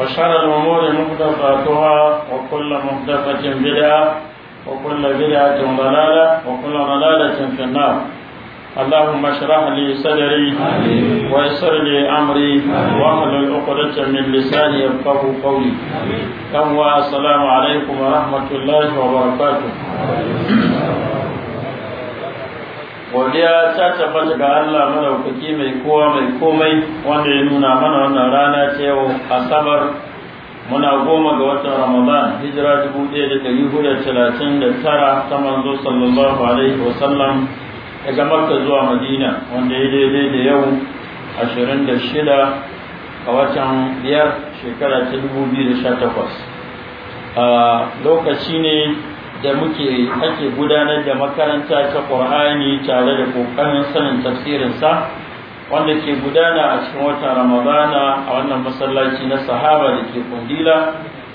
وشر الأمور محدثاتها وكل محدثة بدعة وكل بدعة ضلالة وكل ضلالة في النار اللهم اشرح لي صدري ويسر لي أمري واحلل عقدة من لساني يفقه قولي كم السلام عليكم ورحمة الله وبركاته godiya ta tabbata ga Allah madaukaki mai kowa mai komai wanda ya nuna mana wannan rana ta yau asabar muna goma ga watan ramadan hijira dubu ɗaya da ɗari hudu talatin da tara ta manzo sallallahu alaihi wasallam daga makka zuwa madina wanda ya daidai da yau ashirin da shida a watan biyar shekara ta dubu biyu da sha takwas ah, lokaci ne da muke ake gudanar da makaranta ta Qur'ani tare da kokarin sanin tafsirin sa wanda ke gudana a cikin watan Ramadana a wannan masallaci na sahaba da ke Kundila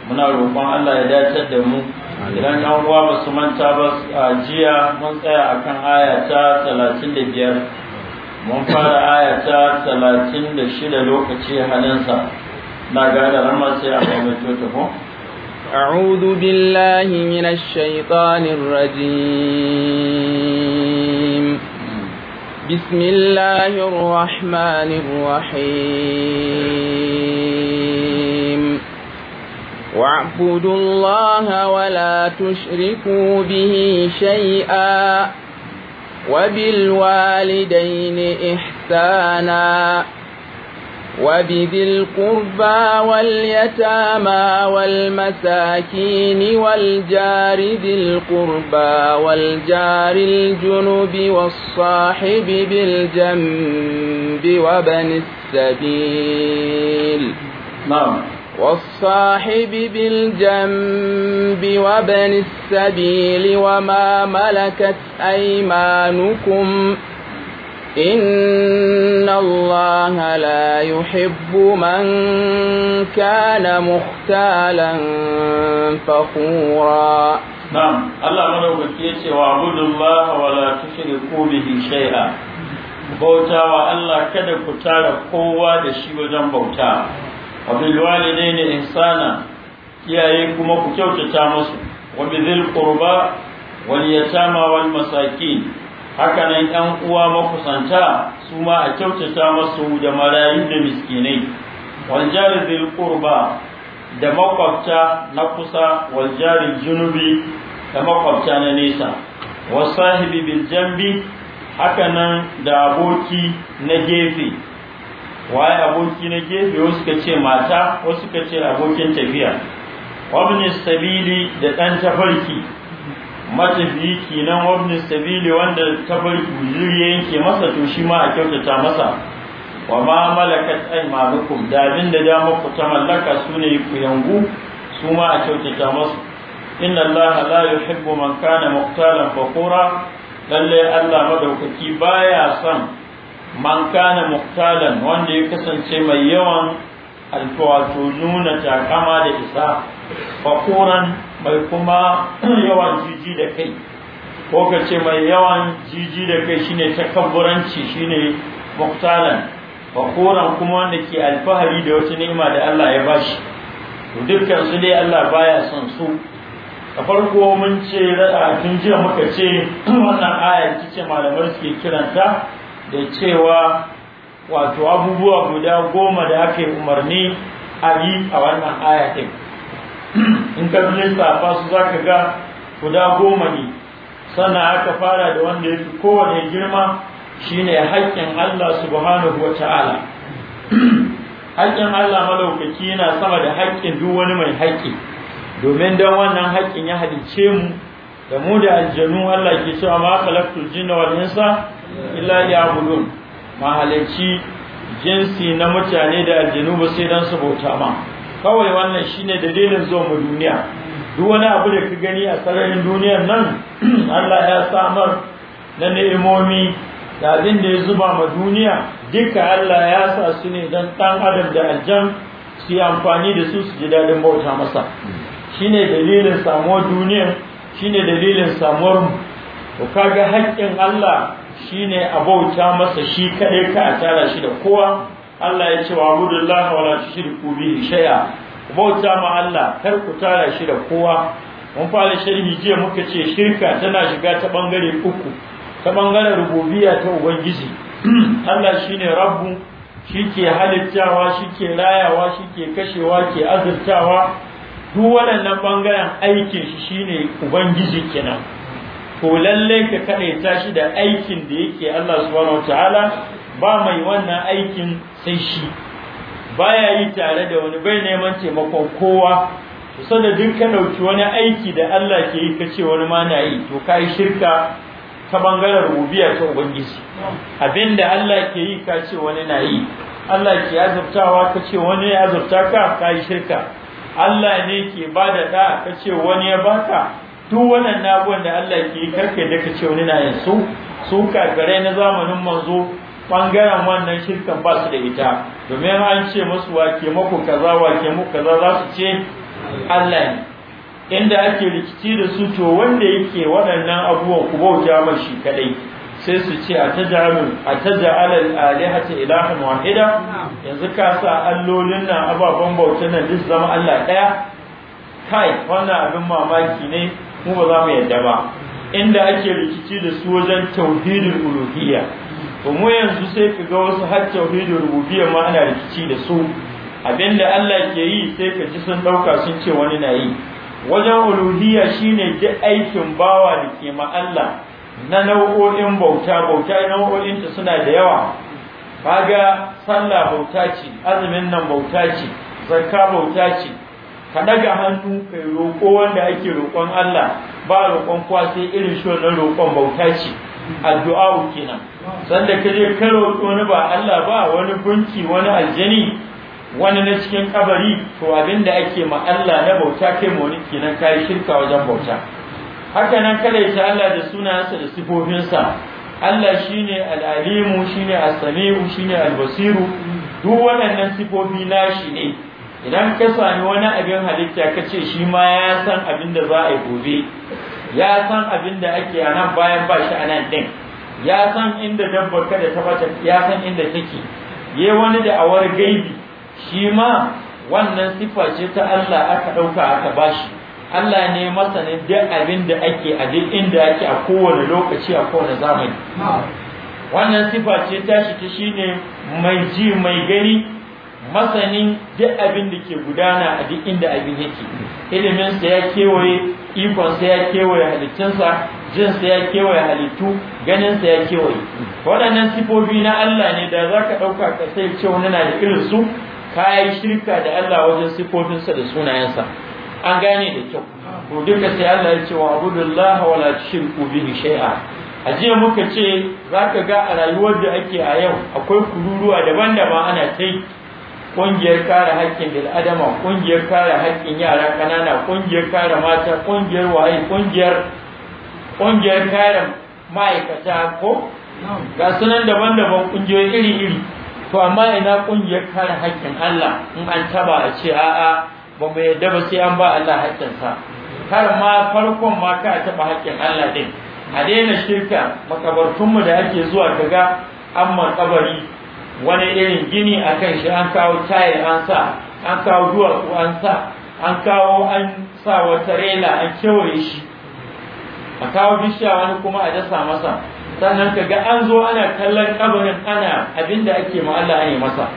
muna roƙon Allah ya dace da mu idan an uwa ba su manta ba a jiya mun tsaya akan aya ta biyar, mun fara aya ta shida lokaci halinsa na ga da ramar sai a mai ta ko أعوذ بالله من الشيطان الرجيم بسم الله الرحمن الرحيم واعبدوا الله ولا تشركوا به شيئا وبالوالدين إحسانا وبذي القربى واليتامى والمساكين والجار ذي القربى والجار الجنب والصاحب بالجنب وبن السبيل نعم والصاحب بالجنب وبن السبيل وما ملكت أيمانكم إن الله لا يحب من كان مختالا فخورا نعم الله ربنا وكيسه وعبد الله ولا تشركوا به شيئا بوتا الله كده كتارة قوة دشي وجن بوتا وبالوالدين إحسانا يا إيكم وكتوتا تامس وبذي القربى واليتامى والمساكين hakanan yan uwa makusanta su ma a kyautata masu da marayu da miskinai waljari jari ƙurba da makwabta na kusa waljari junubi da makwabta na nesa Wasu sahibi bil jambi hakanan da aboki na gefe waye aboki na gefe wasu ka ce mata wasu ka ce abokin tafiya wabni sabili da ɗan tafarki matafiyi kenan wabni sabili wanda kafar guzuri ya yanke masa to shi ma a kyautata masa wa ma malakat aymanukum da abin da dama ku ta mallaka su ne ku yangu su ma a kyautata masa. inna allaha la yuhibbu man kana muqtalan fakura lalle Allah madaukaki baya son man kana muqtalan wanda ya kasance mai yawan alfawatu nuna takama da isa fakuran mai kuma yawan jiji da kai ko ka ce mai yawan jiji da kai shine takabburanci shine muktalan fakoran kuma wanda ke alfahari da wata ni'ima da Allah ya bashi to dukkan su dai Allah baya son su a farko mun ce da tun jiya muka ce wannan aya ce malamai suke kiranta da cewa wato abubuwa guda goma da ake umarni a yi a wannan aya in ka safa su za ka ga guda goma ne sannan aka fara da wanda ya fi kowane girma shine haƙƙin Allah subhanahu wa ta'ala haƙƙin Allah malaukaki yana sama da haƙƙin duk wani mai haƙƙi domin dan wannan haƙƙin ya halice mu da mu da aljanu Allah ke cewa ma khalaqtul jinna wal insa illa liya'budun ma halici jinsi na mutane da aljanu ba sai dan su bauta ma kawai wannan shine dalilin zo mu duniya duk wani abu da ka gani a sararin duniyar nan Allah ya samar na ni'imomi da abin da ya zuba ma duniya duka Allah ya sa su ne don ɗan adam da aljan su yi amfani da su su ji daɗin bauta masa shine dalilin samuwar duniya shine dalilin samuwar mu to kaga haƙƙin Allah shine a bauta masa shi kaɗai ka tara shi da kowa Allah ya ce wa abudullahi wala tushriku bihi shay'a bauta ma Allah kar ku tara shi da kowa mun fara sharhi jiya muka ce shirka tana shiga ta bangare uku ta bangaren rububiyya ta ubangiji Allah shine rabbu shike halittawa shike rayawa shike kashewa ke azurtawa duk waɗannan bangaren aikin shi shine ubangiji kenan to lallai ka kaɗaita shi da aikin da yake Allah subhanahu wataala ba mai wannan aikin sai shi ya yi tare da wani bai neman taimakon kowa to duk ka ɗauki wani aiki da Allah ke yi ka ce wani ma na yi to ka yi shirka ta bangaren rubiya ta ubangiji abinda Allah ke yi ka ce wani na yi Allah ke azurtawa ka ce wani ya azurta ka ka yi shirka Allah ne ke ba da ɗa ka ce wani ya baka duk wannan nagon da Allah ke yi karke da ka ce wani na yin su su kagare na zamanin manzo bangaren wannan shirkan ba su da ita domin an ce musu wake muku kaza wake muku kaza za su ce Allah ne inda ake rikici da su to wanda yake waɗannan abubuwan ku bauta mashi kadai sai su ce a taja'alun alihata wahida yanzu ka sa allolin nan ababen bauta nan duk zama Allah ɗaya kai wannan abin mamaki ne mu ba za mu yadda ba inda ake rikici da su wajen tauhidul uluhiyya to yanzu sai ka ga wasu har tauhidi rububiyya ma ana rikici da su abinda Allah ke yi sai ka ji sun ɗauka sun ce wani na yi wajen uluhiyya shine duk aikin bawa da ke ma Allah na nau'o'in bauta bauta nau'o'in ta suna da yawa kaga sallah bauta ce azumin nan bauta ce zakka bauta ce ka daga hannu kai roƙo wanda ake roƙon Allah ba roƙon kwa sai irin shi wannan roƙon bauta ce addu'a kenan sanda ka je ka roƙi wani ba Allah ba wani gunki wani aljani wani na cikin kabari to abin ake ma Allah na bauta kai mu wani kenan kai shirka wajen bauta haka nan kada ta Allah da sunansa da sifofinsa Allah shine al-alimu shine as-sami'u shine al-basiru duk waɗannan sifofi nashi ne idan ka sami wani abin halitta ka ce shi ma ya san abin da za a yi gobe ya san abin da ake a nan bayan ba shi a nan ɗin ya san inda dabbar kada ta bata ya san inda take yayi wani da awar gaibi shi ma wannan sifa ce ta Allah aka dauka aka bashi Allah ne masanin duk abin da ake a duk inda ake a kowane lokaci a kowane zamani wannan sifa ce ta shi ta shine mai ji mai gani masanin duk abin da ke gudana a duk inda abin yake iliminsa ya kewaye ikonsa ya kewaye halittunsa jinsa ya kewaye halittu ganinsa ya kewaye waɗannan sifofi na Allah ne da zaka ka ɗauka ka sai ce wani na da irin su ka shirka da Allah wajen sifofinsa da sunayensa an gane da kyau to duka sai Allah ya ce wa abudullahi wa la tushriku bihi shay'a a jiya muka ce zaka ga a rayuwar da ake a yau akwai kururuwa daban-daban ana ta ƙungiyar kare haƙƙin bil'adama ƙungiyar kare haƙƙin yara ƙanana ƙungiyar kare mata ƙungiyar waye ƙungiyar ƙungiyar kare ma'aikata ko ga sunan daban-daban ƙungiyoyi iri-iri to amma ina ƙungiyar kare haƙƙin Allah in an taba a ce a'a ba mu yadda ba sai an ba Allah haƙƙinsa Har ma farkon ma ka taba haƙƙin Allah din a daina shirka makabartunmu da ake zuwa kaga an makabari wani irin gini a kan shi an kawo tayar an sa an kawo duwatsu an sa an kawo an sa wata rela an kewaye shi a kawo bishiya wani kuma a dasa masa sannan ka ga an zo ana kallon kabarin ana abin da ake ma Allah ne masa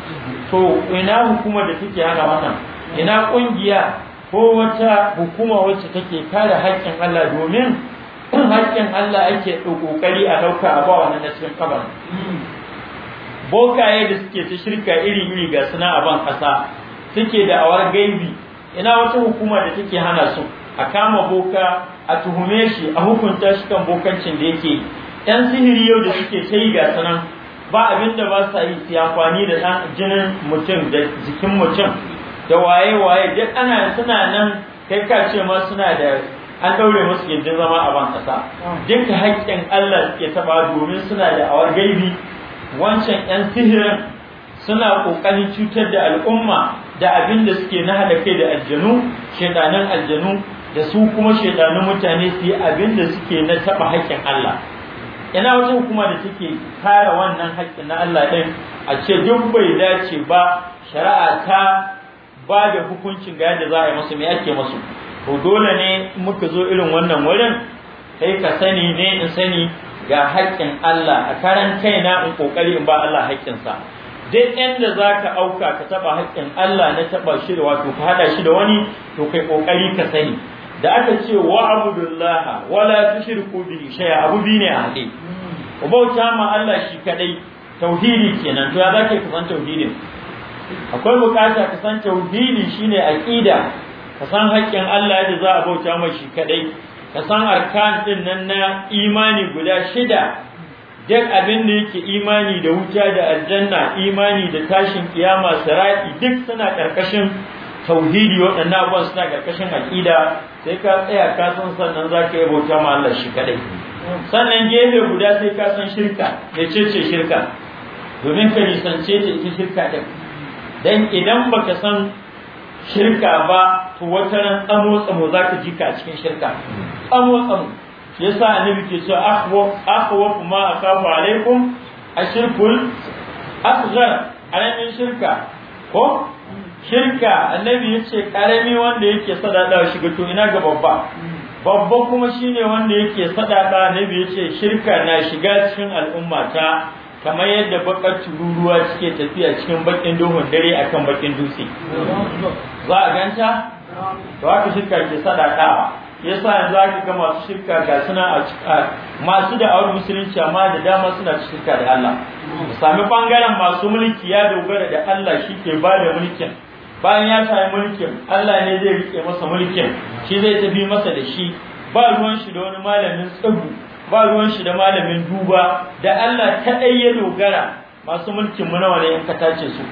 to ina hukuma da take hana wannan ina kungiya ko wata hukuma wacce take kare haƙƙin Allah domin haƙƙin Allah ake kokari a dauka a ba wannan cikin kabarin bokaye da suke ta shirka iri iri ga suna a ban ƙasa suke da awar gaibi ina wata hukuma da take hana su a kama boka a tuhume shi a hukunta shi kan bokancin da yake yan sihiri yau da suke ta yi gasa ba abin da ba sa yi su kwani da jinin mutum da jikin mutum da waye-waye duk ana suna nan kai ka ce ma suna da an daure musu yanzu zama a ban ƙasa duka haƙƙin Allah suke taɓa domin suna da awar gaibi wancan 'yan sihirin suna ƙoƙarin cutar da al'umma da abin da suke na hada kai da aljanu shedanin aljanu da su kuma shaidanun mutane su yi abin da suke na taɓa haƙƙin Allah ina wata hukuma da take kare wannan haƙƙin na Allah ɗin a ce duk bai dace ba shari'a ta ba da hukuncin ga yadda za a yi masu me ake masu to dole ne muka zo irin wannan wurin kai ka sani ne in sani ga haƙƙin Allah a karan na in kokari in ba Allah haƙƙinsa duk inda za ka auka ka taɓa haƙƙin Allah na taɓa shi da wato ka haɗa shi da wani to kai ƙoƙari ka sani da aka ce wa abudullah wala tushriku bihi shay'a abu bi ne a Ku bauta ma Allah shi kadai tauhidi kenan to ya zaka ka san tauhidi. akwai bukata ka san tauhidi shine aqida ka san haƙƙin Allah da za a bauta mai shi kadai ka san arkan din nan na imani guda shida duk abin da yake imani da wuta da aljanna imani da tashin kiyama sirati duk suna karkashin tauhidi waɗannan abubuwan suna ƙarƙashin aƙida sai ka tsaya ka san sannan za ka yi bauta ma Allah shi kaɗai sannan gefe guda sai ka san shirka ya ce shirka domin ka nisance ta ita shirka ɗin dan idan baka san shirka ba to wata ran tsamo tsamo za ka ji ka a cikin shirka tsamo tsamo shi yasa annabi ke cewa akhwa akhwa kuma akafu alaikum ashirkul asghar alamin shirka ko shirka annabi ya ce karami wanda yake sadada shiga to ina ga babba babba kuma shine wanda yake sadada annabi ya ce shirka na shiga cikin al'umma ta kamar yadda bakar tururuwa suke tafiya cikin bakin duhun dare akan bakin dutse za a ganta to haka shirka ke sadadawa yasa yanzu aka ga masu shirka ga suna a masu da aure musulunci amma da dama suna shirka da Allah sami bangaren masu mulki ya dogara da Allah shi ke ba da mulkin bayan ya sami mulkin Allah ne zai rike masa mulkin shi zai tafi masa da shi ba ruwan shi da wani malamin tsabu ba ruwan shi da malamin duba da Allah kaɗai ya dogara masu mulkin mu nawa ne in ka tace su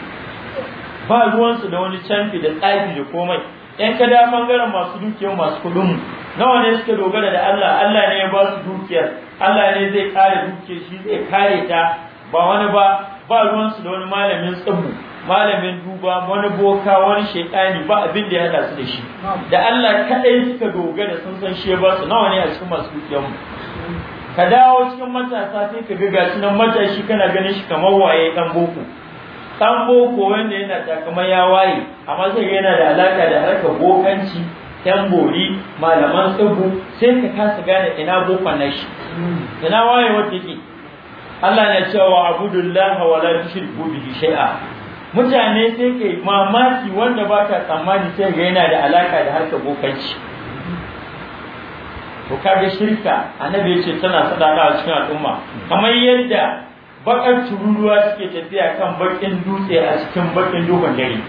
ba ruwan su da wani canfi da tsafi da komai ɗan ka da bangaren masu dukiyar masu kuɗin mu nawa ne suka dogara da Allah Allah ne ya ba su dukiyar Allah ne zai kare dukiyar shi zai kare ta ba wani ba ba ruwansu da wani malamin tsibbu malamin duba wani boka wani shekani ba abin da ya haɗa su da shi da Allah kaɗai suka dogara sun san shi ba su nawa ne a cikin masu dukiyar mu ka dawo cikin matasa sai ka ga gashi nan matashi kana ganin shi kamar waye dan boko dan boko wanda yana kamar ya waye amma sai yana da alaka da harkar bokanci yan bori malaman tsibbu sai ka kasa gane ina bokon nashi ina waye wata yake Allah na cewa abudullaha wa la tushriku bihi shay'a mutane sai kai mamaki wanda ba ka tsammani sai ga yana da alaka da harkar bokanci to kaga shirka annabi ce tana sadaka a cikin al'umma kamar yadda bakar tururuwa suke tafiya kan bakin dutse a cikin bakin dogon gari,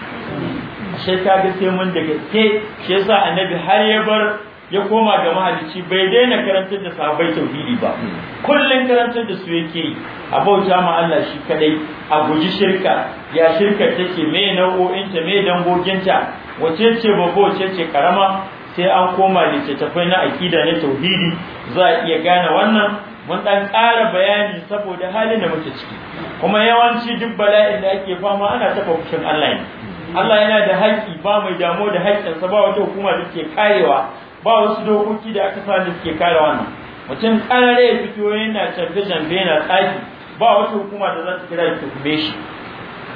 sai kaga sai mun daga gaske shi yasa annabi har ya bar ya koma ga mahalicci bai daina karantar da sahabbai tauhidi ba hmm. kullum karantar da su yake a bauta ma Allah shi kadai a guji shirka ya shirka take me ta, me dangoginta wace ce babba wace ce karama sai an koma littattafai na akida na tauhidi za a iya gane wannan mun dan ƙara bayani saboda halin da muke ciki kuma yawanci duk bala'in da ake fama ana ta fushin Allah ne hmm. Allah yana da haƙƙi ba mai damo da haƙƙinsa ba wata hukuma da ke karewa ba wasu dokoki da aka sani suke kare wannan mutum karare ya fito yana canfe canfe yana tsaki ba wata hukuma da za ta kira ta tukume shi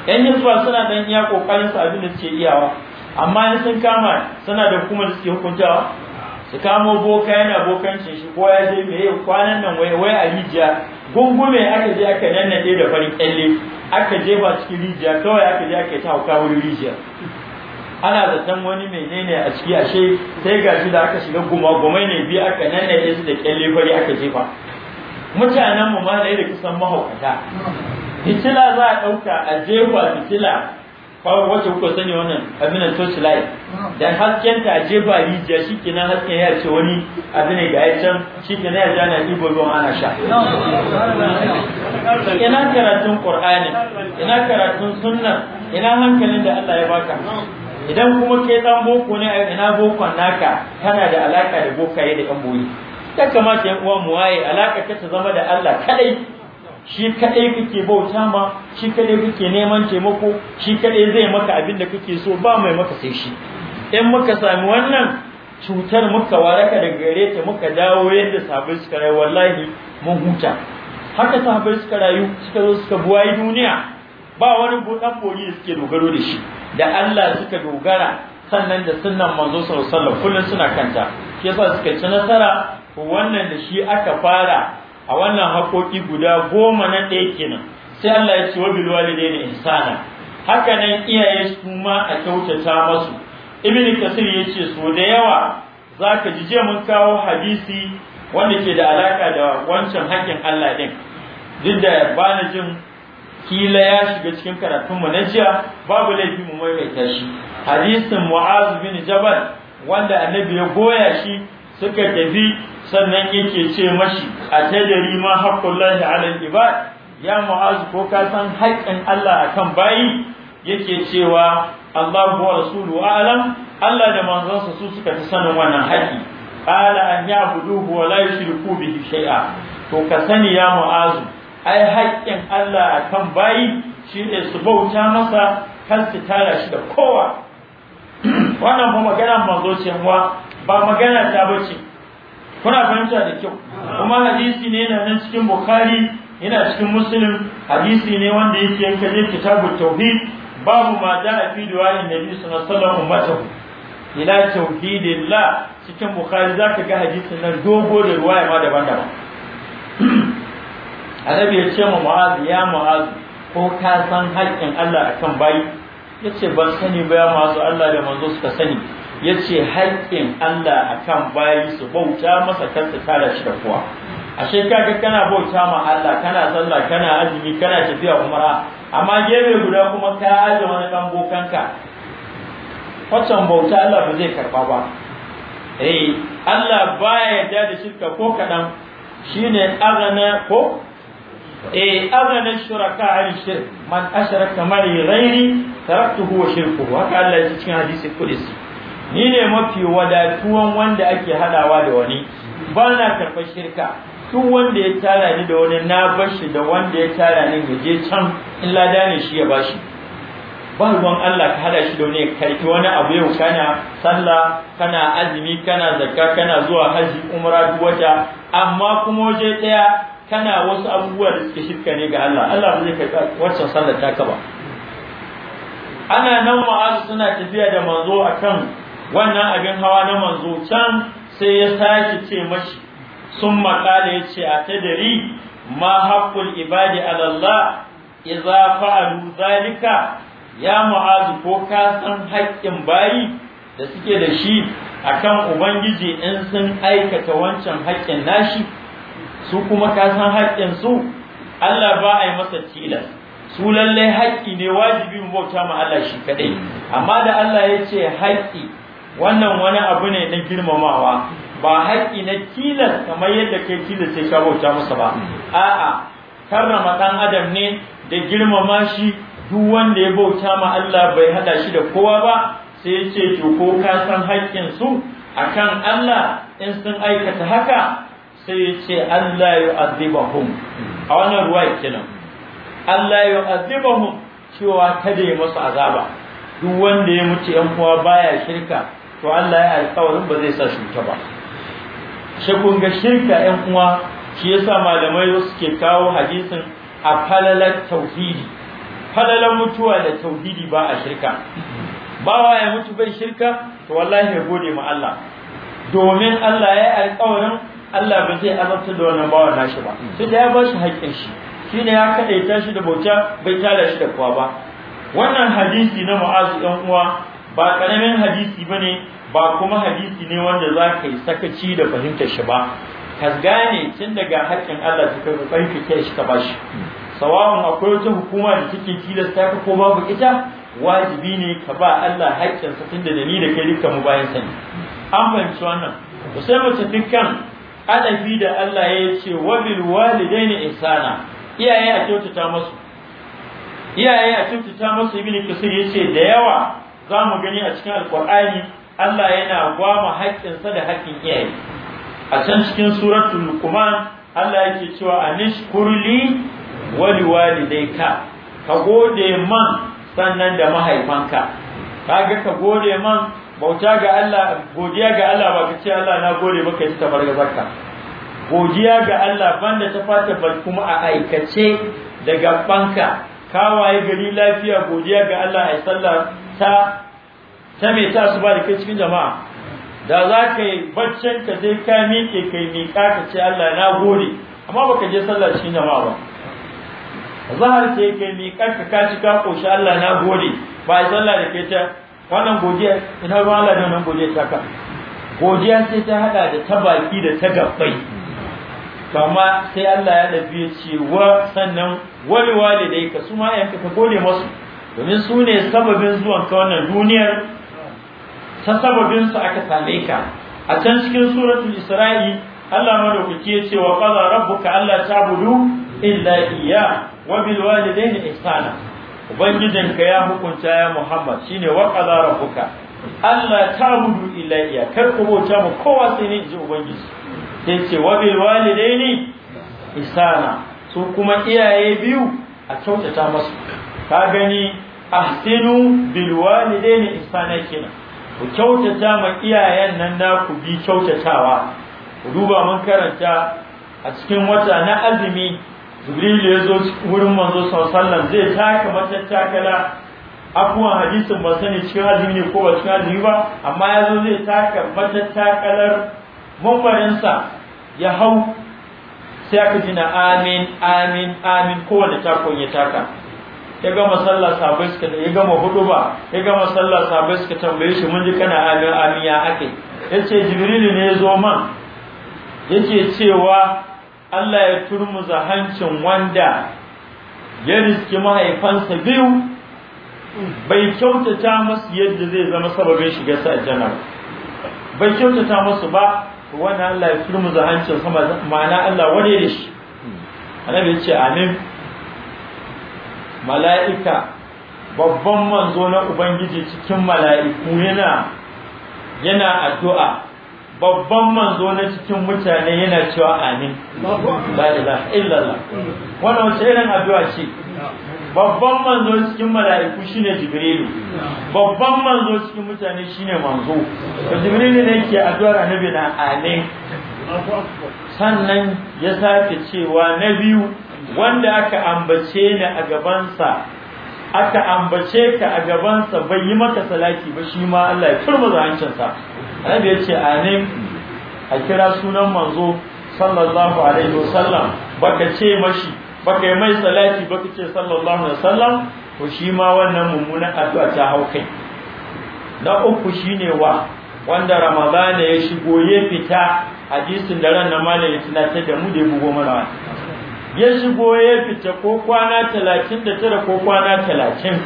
yan yasuwa suna ɗan iya kokarin su abin da suke iyawa amma in sun kama suna da hukumar da suke hukuntawa su kamo boka yana bokancin shi ko ya je me kwanan nan wai wai a rijiya gungume aka je aka nannade da farin kyalle aka jefa cikin rijiya kawai aka je aka yi ta hauka wurin rijiya ana da zaton wani menene a ciki ashe sai gashi da aka shiga gumagumai ne biyu aka ne su da kyalle fari aka jefa mutanen mu ma da yadda kusan mahaukata fitila za a ɗauka a jefa fitila kawai wacce kuka sani wannan abinan torch light da hasken ta jefa ba rijiya shi ke nan hasken ya ce wani abin ga ya can shi ke ya jana ibo ruwan ana sha ina karatun qur'ani ina karatun sunna ina hankalin da Allah ya baka idan kuma ke dan boko ne a ina bokon naka kana da alaka da bokaye da yan boye ya kamata yan uwan mu waye alaka ka ta zama da Allah kadai shi kadai kuke bauta ma shi kadai kuke neman taimako shi kadai zai maka abin da kuke so ba mai maka sai shi in muka sami wannan cutar muka waraka daga gare ta muka dawo yadda sabai suka rayu wallahi mun huta haka sahabbai suka rayu suka zo suka buwayi duniya ba wani buɗan bori da suke dogaro da shi da Allah suka dogara sannan da sunnan manzo sallallahu alaihi suna kanta shi yasa suka ci nasara wannan da shi aka fara a wannan haƙoƙi guda goma na ɗaya kenan sai Allah ya ce wa bil walidaini ihsana haka nan iyaye su ma a kyautata masu ibnu kasir yace so da yawa zaka ji je mun kawo hadisi wanda ke da alaka da wancan haƙƙin Allah din duk da bani jin kila ya shiga cikin karatun mu na jiya babu laifi mu maimaita shi hadisin mu'az bin jabal wanda annabi ya goya shi suka tafi sannan yake ce mashi a tadari ma haqqullahi 'ala al-ibad ya mu'az ko ka san haƙƙin Allah akan bayi yake cewa Allah wa rasulu a'lam Allah da manzansa su suka ta sanin wannan haƙƙi qala an ya'buduhu wa la yushriku bihi shay'a to ka sani ya mu'azu ai haƙƙin Allah kan bayi ne su bauta masa kan su tara shi da kowa wannan ba magana manzo ce ba magana ta bace kuna fahimta da kyau kuma hadisi ne yana nan cikin bukhari yana cikin muslim hadisi ne wanda yake yanka ne kitabut tauhid babu ma da fi du'a'in nabi sallallahu alaihi wasallam ummatahu ila tauhidillah cikin bukhari zaka ga hadisin nan dogo da ruwaya ma daban-daban annabi ya ce ma mu'azu ya mu'azu ko ka san haƙƙin Allah akan bayi yace ban sani ba ya masu Allah da manzo suka sani yace haƙƙin Allah akan bayi su bauta masa kansa tare shi da kuwa ashe kaga kana bauta ma Allah kana sallah kana azumi kana tafiya umara amma gebe guda kuma ka aje wani dan bokanka waccan bauta Allah ba zai karba ba eh Allah baya yarda da shirka ko kadan shine azana ko eh azana shuraka an shirk man asharaka mali ghairi taraktuhu wa shirkuhu haka Allah ya cikin hadisi kudusi ni ne mafi wadatuwan wanda ake hadawa da wani bana na shirka wanda ya tara ni da wani na bar shi da wanda ya tara ni ya je can in lada ne shi ya bashi ba ruwan Allah ka hada shi da wani karki wani abu yau kana sallah kana azumi kana zakka kana zuwa haji umra duk wata amma kuma waje daya kana wasu abubuwa da suke shirka ne ga Allah Allah ba zai karɓa wancan sallar taka ba ana nan ma'azu suna tafiya da manzo akan wannan abin hawa na manzo can sai ya sake ce mashi sun makala ya ce a dari ma haƙƙul ibadi alallah iza fa'alu zalika ya ma'azu ko ka san haƙƙin bayi da suke da shi akan ubangiji in sun aikata wancan haƙƙin nashi su kuma ka san haƙƙin su Allah ba a yi masa tilas su lallai haƙƙi ne wajibi mu bauta ma Allah shi kadai amma da Allah ya ce haƙƙi wannan wani abu ne na girmamawa ba haƙƙi na tilas kamar yadda kai tilas sai ka bauta masa ba a'a karrama ɗan adam ne da girmama shi duk wanda ya bauta ma Allah bai hada shi da kowa ba sai ya ce to ko ka san haƙƙin su akan Allah in sun aikata haka sai ya ce Allah ya azibahum a wannan ruwa kenan Allah ya azibahum cewa kada ya masu azaba duk wanda ya mutu yan uwa baya shirka to Allah ya alƙawarin ba zai sa shi ba shi kun shirka yan uwa shi yasa malamai ke kawo hadisin a falalar tauhidi falalar mutuwa da tauhidi ba a shirka bawa ya mutu bai shirka to wallahi ya gode ma Allah domin Allah ya alƙawarin Allah ba zai azabta da wannan bawan nashi ba sai hmm. da ya ba shi haƙƙin shi shine ya kadaita shi da bauta bai tada shi da kowa ba wannan hadisi na Mu'az ɗan uwa ba karamin hadisi bane ba kuma hadisi ne wanda zaka yi sakaci da fahimtar shi ba ka gane tun daga haƙƙin Allah ta kai shi ka ba shi. Hmm. sawawan akwai wata hukuma da take tilasta ka ko babu ita wajibi ne ka ba Allah haƙƙinsa tun da ni da kai dukkan mu bayan sani an fahimci wannan Ku sai mace dukkan. alafi da Allah ya ce wa bil walidaini ihsana iyaye a kyautata musu iyaye a kyautata masu ibn kasir yace da yawa zamu gani a cikin alqur'ani Allah yana gwama haƙƙinsa da haƙƙin iyaye a can cikin suratul luqman Allah yake cewa anishkurli wa liwalidayka ka gode man sannan da mahaifanka kaga ka gode man bauta ga Allah godiya ga Allah ba ka ce Allah na gode maka yi tabar zakka godiya ga Allah banda ta fata bal kuma a aikace daga banka kawaye gari lafiya godiya ga Allah ai Sallar ta ta mai ta su ba da kai cikin jama'a da za ka yi baccin ka sai ka miƙe kai mai ka ce Allah na gode amma baka je sallar cikin jama'a ba zahar ce kai mai ka ka ci ka Allah na gode ba ai sallah da kai ta wannan goje ina ruwan da wannan goje ta ka godiya sai ta hada da ta baki da ta gabbai kama sai Allah ya dabi ya ce wa sannan wani dai ka su ma 'yan ka gode masu domin su ne sababin zuwan ka wannan duniyar ta sababin su aka same ka a can cikin suratul isra'i Allah ma ya ce wa qala rabbuka alla ta'budu illa iyyah wa bil walidaini ihsana ubangijin ka ya hukunta ya Muhammad shine wa qala rabbuka Allah ta'budu illa iya kar ku bauta mu kowa sai ne ji ubangiji sai ce wa bil walidaini isana su kuma iyaye biyu a kyautata masu ka gani ahsinu bil walidaini isana kina ku kyautata ma iyayen nan ku bi kyautatawa ku duba mun karanta a cikin wata na azumi jibril ya zo wurin manzo sallallahu zai taka matattakala abubuwan hadisin ba sani cikin azumi ne ko ba cikin azumi ba amma ya zo zai taka matattakalar sa ya hau sai aka ji na amin amin amin kowane takon ya taka ya gama sallah sabai suka ya gama hudu ba ya gama sallah sabai suka tambaye shi mun ji kana amin amin ya ake yace jibrilu ne ya zo man yake cewa Allah ya turmuza hancin wanda ya riski mahaifansa biyu bai kyautata masu yadda zai zama sababin shiga sa aljanna bai kyautata masu ba wannan Allah ya turmuza hancin sama ma'ana Allah wani da shi annabi ya ce amin mala'ika babban manzo na ubangiji cikin mala'iku yana addu'a babban manzo na cikin mutane yana cewa amin la ilaha illallah wannan wace irin addu'a ce babban manzo cikin mala'iku shine jibrilu babban manzo cikin mutane shine manzo to jibrilu ne ke addu'ar annabi na amin sannan ya sake cewa na biyu wanda aka ambace ni a gabansa aka ambace ka a gabansa bai yi maka salati ba shi ma Allah ya turma hancinsa annabi ya ce amin a kira sunan manzo sallallahu alaihi wasallam baka ce mashi baka yi mai salati baka ce sallallahu alaihi wasallam to shi ma wannan mummunan addu'a ta hau kai na uku shine wa wanda ramadana ya shigo ya fita hadisin da ran na malam ya tunatar da mu da ya bugo mana ya shigo ya fita ko kwana talatin da tara ko kwana talatin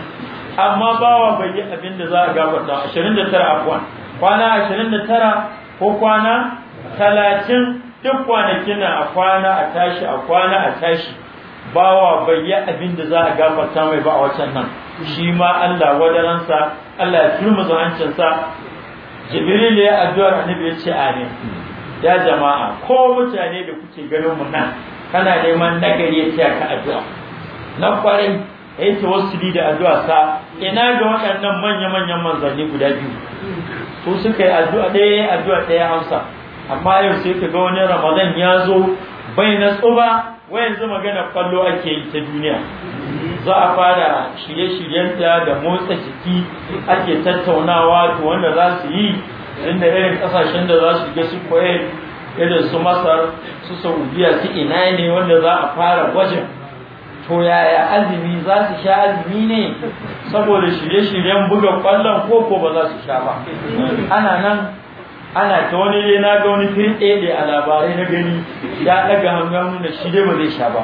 amma bawa bai yi abin da za a gafarta ashirin da tara afwan kwana ashirin da tara ko kwana 30 duk kwanakin a kwana a tashi a kwana a tashi bawa bai yi abin da za a gafarta mai ba a wacan nan shi ma Allah wadaransa Allah ya turmuza sa jibril ya addu'ar annabi ya ce amin ya jama'a ko mutane da kuke ganin mu nan kana neman nagari ya taya ka addu'a na kwarai ya yi tawassuli da addu'a sa ina ga waɗannan manya-manyan manzanni guda biyu su suka yi addu'a ɗaya addu'a ɗaya hausa. amma yau sai ka ga wani ramadan ya zo bai na tsuba wai yanzu magana kwallo ake yi ta duniya za a fara shirye-shiryenta da motsa jiki ake tattaunawa to wanda za su yi inda irin kasashen da za su ga su koyi irin su masar su saudiya su ina ne wanda za a fara gwajin to yaya azumi za su sha azumi ne saboda shirye-shiryen buga kwallon ko ba za su sha ba ana nan ana ta wani ne na ga wani tirɗe a labarai na gani ya ɗaga hangar da shi dai ba zai sha ba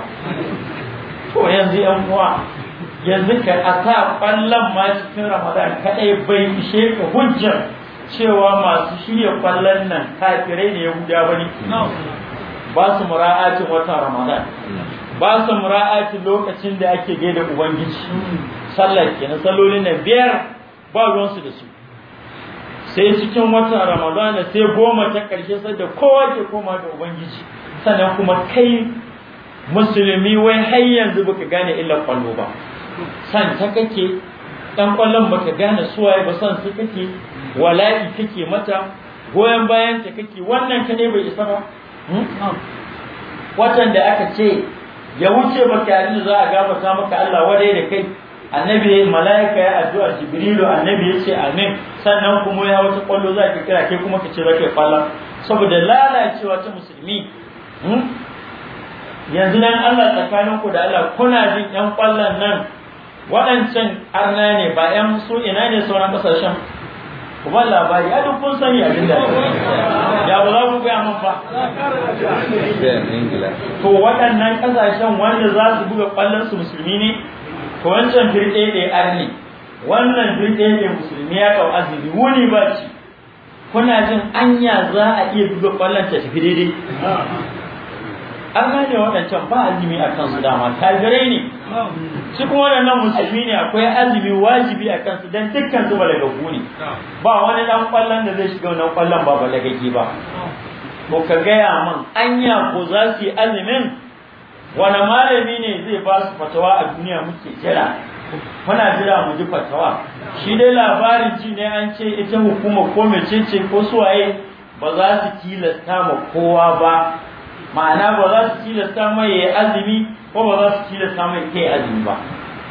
to yanzu yan uwa yanzu ka a sa kwallon ma cikin ramadan kaɗai bai ishe ka hujjar cewa masu shirya kwallon nan kafirai ne ya guda ba ne ba su mura'atin watan ramadan ba su mura'ati lokacin da ake gaida ubangiji sallar kenan sallolin na biyar ba ruwansu da su sai cikin watan ramadana sai goma ta karshe sai da kowa ke koma da ubangiji sannan kuma kai musulmi wai har yanzu baka gane illa kwallo ba san ta kake dan kwallon baka gane suwaye ba san su kake wala'i kake mata goyon bayan ta kake wannan ka ne bai isa ba hmm? watan da aka ce ya wuce maka da za a gafarta maka Allah wadai da kai annabi malaika ya addu'a jibrilu annabi ya ce amin sannan kuma ya wata kwallo za ka kira ke kuma ka ce zaka falla saboda lalacewa ta musulmi hmm? yanzu nan Allah tsakanin ku da Allah kuna jin yan kwallon nan waɗancan arna ne ba yan su ina ne sauran kasashen kuma labari a duk kun sani abin da ya ba za ku gaya min ba to waɗannan ƙasashen wanda za su buga ƙwallon su musulmi ne to wancan firɗe ɗaya arni wannan firɗe ɗaya musulmi ya kau azumi wuni ba ci kuna jin anya za a iya buga ƙwallon ta tafi daidai An gane waɗancan ba azumi a kansu dama kafirai ne su kuma waɗannan musulmi ne akwai azumi wajibi a kansu don dukkan su balagaku ne ba wani ɗan ƙwallon da zai shiga wani ƙwallon ba balagaki ba ko ka gaya man. anya ko za su yi azumin wani malami ne zai ba su fatawa a duniya muke jira muna jira mu ji fatawa shi dai labarin ji ne an ce ita hukuma ko mecece ko suwaye ba za su tilasta ma kowa ba ma'ana ba za su tilasta mai ya yi azumi ko ba za su tilasta mai yi azumi ba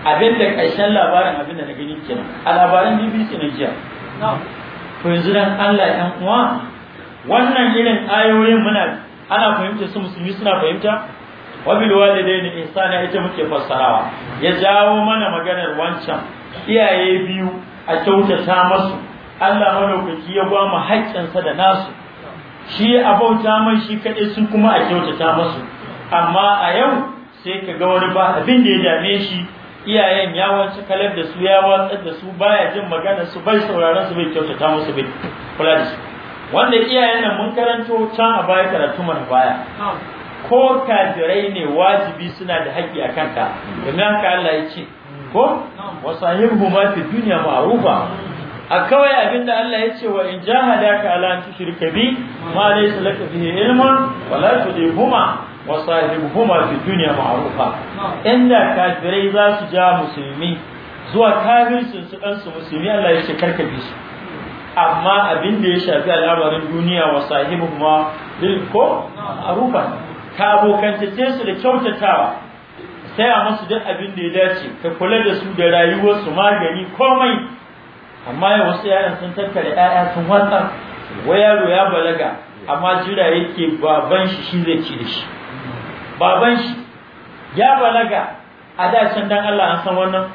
abin da ƙarshen labarin abin da na gani kenan a labarin BBC na jiya to yanzu dan Allah ɗan uwa wannan irin ayoyin muna ana fahimta su musulmi suna fahimta wa ne walidaini na ita muke fassarawa ya jawo mana maganar wancan iyaye biyu a kyautata masu Allah madaukaki ya ba mu haƙƙinsa da nasu shi a bauta mai shi kaɗai sun kuma a kyautata masu amma a yau sai ka ga wani ba abin da ya dame shi iyayen ya wanci kalar da su ya watsar da su baya jin magana su bai sauraron su bai kyautata musu bai kula da su wanda iyayen nan mun karanto can a baya karatu mana baya ko kafirai ne wajibi suna da haƙƙi a kanka domin Allah ya ce ko wasu ma fi duniya ma'rufa a kawai abinda Allah ya ce wa in ka ala tushrika bi ma laysa laka bihi ilmun wala tudihuma wa sahibuhuma fi dunya ma'rufa inda kafirai za su ja musulmi zuwa kafircin su kansu musulmi Allah ya ce karka bi su amma abin da ya shafi al'amarin duniya wa sahibuhuma bil ko ma'rufa ka abokantace su da kyautatawa sai a musu duk abin da ya dace ka kula da su da rayuwarsu magani komai amma yau wasu yayan sun tattare ƴaƴa sun watsar wai yaro ya balaga amma jira yake baban shi shi zai ci da shi baban shi ya balaga a da can dan Allah an san wannan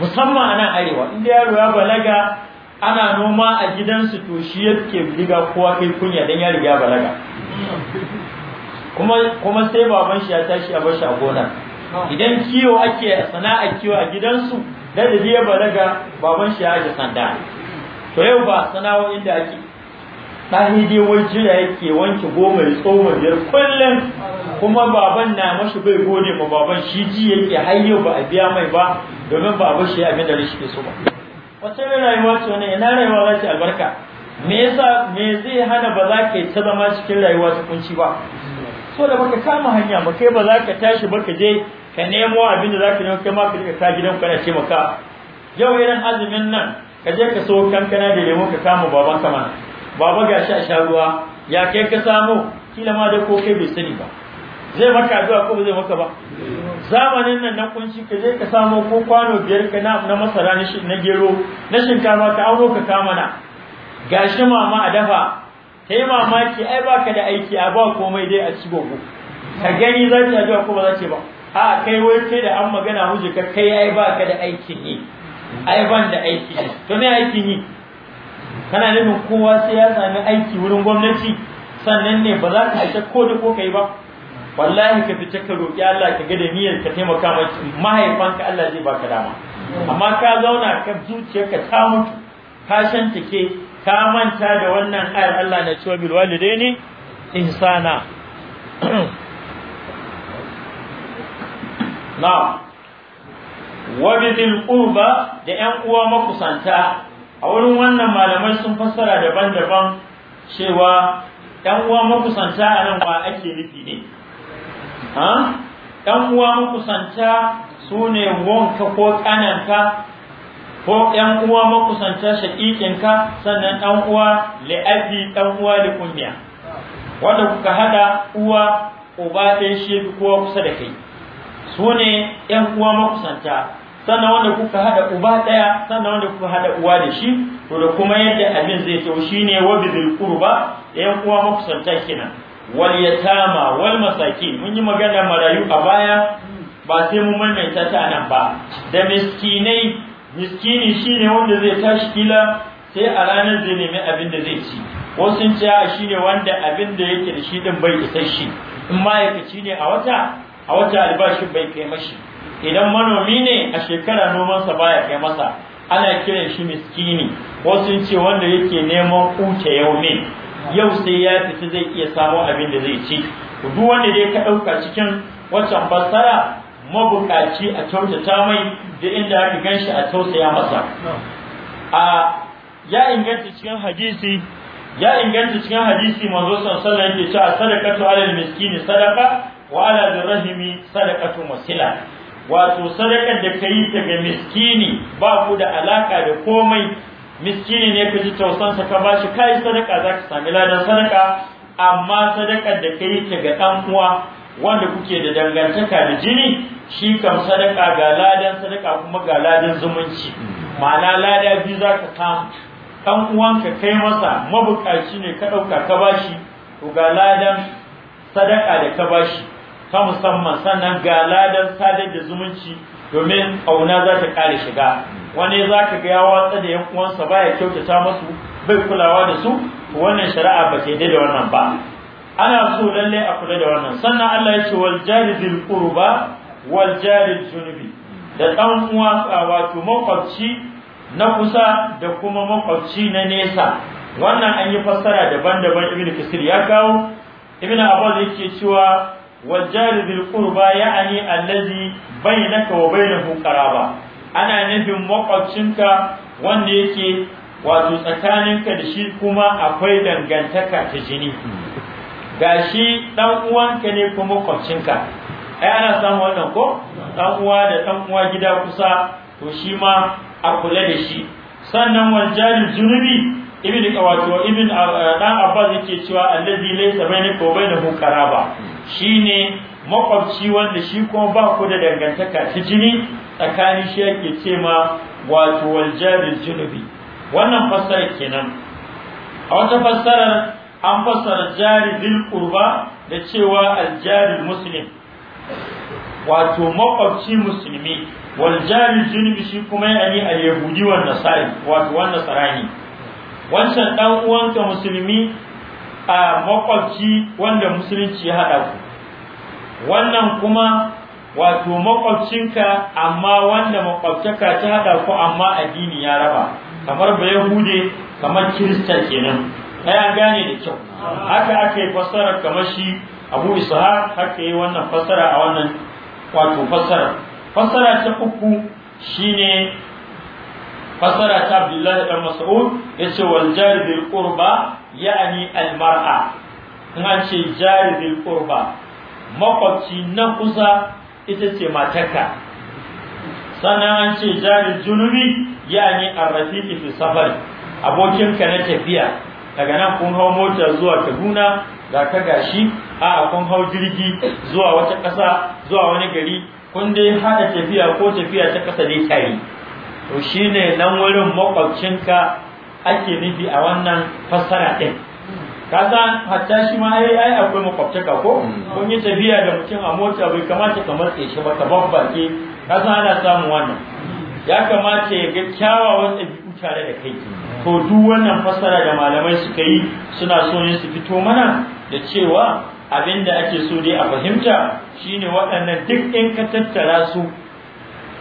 musamman a nan arewa inda yaro ya balaga ana noma a gidansu to shi yake riga kowa kai kunya dan ya balaga kuma kuma sai baban shi ya tashi a bar shi a gona idan kiwo ake sana'a kiwo a gidansu da da biya balaga baban shi ya ji sanda to yau ba sanawo inda ake ɗani dai wai da yake wanke goma ya tsoma biyar kullum kuma baban na mashi bai gode ma baban shi ji yake har yau ba a biya mai ba domin baban shi ya abin da shi ke so ba wata rayuwa ce wani ina rayuwa za shi albarka me yasa me zai hana ba za ka yi ta zama cikin rayuwa ta kunci ba so da baka kama hanya ba kai ba za ka tashi ba ka je ka nemo abin da zaka nemo kai ma ka ta ka gidan kana ce maka yau irin azumin nan ka je ka so kankana da lemo ka kama baban ka mana baba gashi a sha ya kai ka samu kila ma da ko kai bai sani ba zai maka addu'a ko zai maka ba zamanin nan na kunshi ka je ka samo ko kwano biyar ka na na masara na na gero na shinkafa ka auro ka kama na gashi mama a dafa ta yi mamaki ai baka da aiki a ba komai dai a ci gobe ka gani za ta addu'a ko ba za ce ba a kai wai da an magana huje ka kai ai ba ka da aikin yi ai ban da aiki to me aikin yi kana nufin kowa sai ya sami aiki wurin gwamnati sannan ne ba za ka aika ko da ko kai ba wallahi ka fita ka roƙi Allah ka ga da niyyar ka taimaka maka mahaifanka Allah zai baka dama amma ka zauna ka zuciyarka ta mutu ka take ka manta da wannan ayar Allah na cewa bil walidaini ihsana na'am wa qurba da ƴan uwa makusanta a wurin wannan malamai sun fassara daban-daban cewa ƴan uwa makusanta a nan wa ake nufi ne ha ƴan uwa makusanta sune wanka ko kananka ko ƴan uwa makusanta shaƙiƙinka sannan ɗan uwa li'abi ɗan uwa kunya wanda kuka haɗa uwa uba ɗaya shi kowa kusa da kai su ne ‘yan uwa makusanta sannan wanda kuka haɗa uba ɗaya sannan wanda kuka haɗa uwa da shi to da kuma yadda abin zai tau shi ne wa bizil kurba ‘yan uwa makusanta kenan wal yatama wal masakin mun yi magana marayu a baya ba sai mun maimaita ta nan ba da miskinai miskini shine wanda zai tashi kila sai a ranar zai nemi abin da zai ci wasu sun ce shine wanda abin da yake da shi din bai isa shi in ma ne a wata a wata albashin bai kai mashi idan manomi ne a shekara nomansa baya kai masa ana kiran shi miskini wasu ce wanda yake neman kuta yau ne yau sai ya fita zai iya samo abin da zai ci duk wanda dai ka ɗauka cikin waccan basara mabukaci a kyautata mai da inda aka ganshi shi a tausaya masa a ya inganta cikin hadisi ya inganta cikin hadisi manzo sallallahu alaihi wasallam yake cewa sadaqatu alal miskini sadaqa wa ala dirhami sadaqatu wasila wato sadakar da kai ta ga miskini ba ku da alaka da komai miskini ne ka ji tausansa ka bashi kai sadaka zaka sami ladan sadaka amma sadakar da kai ta ga dan uwa wanda kuke da dangantaka da jini shi kam sadaka ga ladan sadaka kuma ga ladan zumunci ma'ana lada biyu za ka samu ɗan uwanka kai masa mabukaci ne ka ɗauka ka bashi to ga ladan sadaka da ka bashi ta musamman sannan ga ladan sadar da zumunci domin auna za ta kare shiga wani za ka ga ya watsa da yan uwansa baya kyautata musu bai kulawa da su wannan shari'a ba ta da wannan ba ana so lalle a kula da wannan sannan Allah ya ce wal jaridil qurba wal jarid junubi da dan uwa wato makwabci na kusa da kuma makwabci na nesa wannan an yi fassara daban-daban ibnu kasir ya kawo ibnu abbas yake cewa والجار ذي allazi bainaka wa bainahu qaraba ana nufin نفي wanda yake wato tsakaninka da shi kuma akwai dangantaka ta jini ga shi ɗan uwanka ne kuma makwabcinka ai ana samu wannan ko ɗan uwa da ɗan uwa gida kusa to shi ma a kula da shi sannan waljani junubi ibn wato ibn dan abbas yake cewa allazi laysa bainaka wa bainahu qaraba Shi ne makwabci wanda shi kuma ba ku da dangantaka ta jini tsakanin shi yake ce ma wato waljabir junubi wannan fassara kenan a wata fassarar an fassara jari bil kurba da cewa aljari muslim wato makwabci musulmi waljari junubi shi kuma ne a yahudi wannan nasari wato wan nasarani wancan dan uwanka musulmi a makwabci wanda musulunci ya haɗa ku wannan kuma wato makwabcinka amma wanda makwabtaka ta haɗa ku amma addini ya raba kamar ba hude, kamar kirista kenan ɗaya gane da kyau haka aka yi fassara kamar shi abu ishaq haka yi wannan fassara a wannan wato fassara fassara ta uku shine fassara ta abdullahi dan mas'ud yace wal jari bil qurba yani almar'a in an ce jaridil qurba makwabci na kusa ita ce matarka sannan an ce jaridil junubi yani arrafiqi fi safar abokinka na tafiya daga nan kun hau mota zuwa kaduna ga ka gashi a kun hau jirgi zuwa wata ƙasa zuwa wani gari kun dai hada tafiya ko tafiya ta ƙasa dai tare to shine nan wurin makwabcinka ake nufi a wannan fassara ɗin kaza hatta shi ma ai ai akwai makwabtaka ko kun mm. yi tafiya da mutum a mota bai kamata ka matse shi ba ka babbake kaza ana samun wannan ya kamata ya ga kyawawan ɗabi'u tare da kai to duk wannan fassara da malamai suka yi suna so ne su fito mana da cewa abinda ake so dai a fahimta shine waɗannan duk in ka tattara su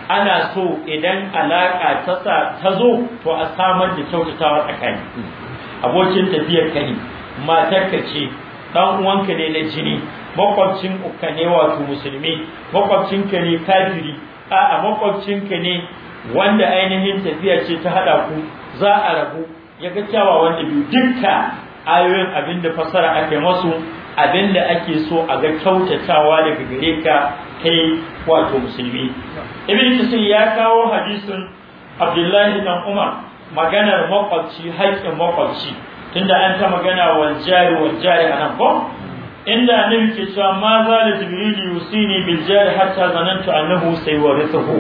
ana so idan alaƙa ta ta zo to a samar da kyautatawa tsakani abokin tafiyar ka ne matar ka ce dan uwanka ne na jini makwabcin ka ne wato musulmi ka ne kafiri a'a ka ne wanda ainihin tafiya ce ta hada ku za a rabu ya ga cewa wanda biyu dukka ayoyin abin da fasara ake masu abin da ake so a ga kyautatawa daga gare ka kai wato musulmi ibn kasir ya kawo hadisin abdullahi ibn umar maganar makwabci haƙƙin makwabci tunda an ta magana wal jari wal jari anan ko inda annabi ke cewa ma za da jibrilu yusini bil jari hatta zanantu annahu saywarithuhu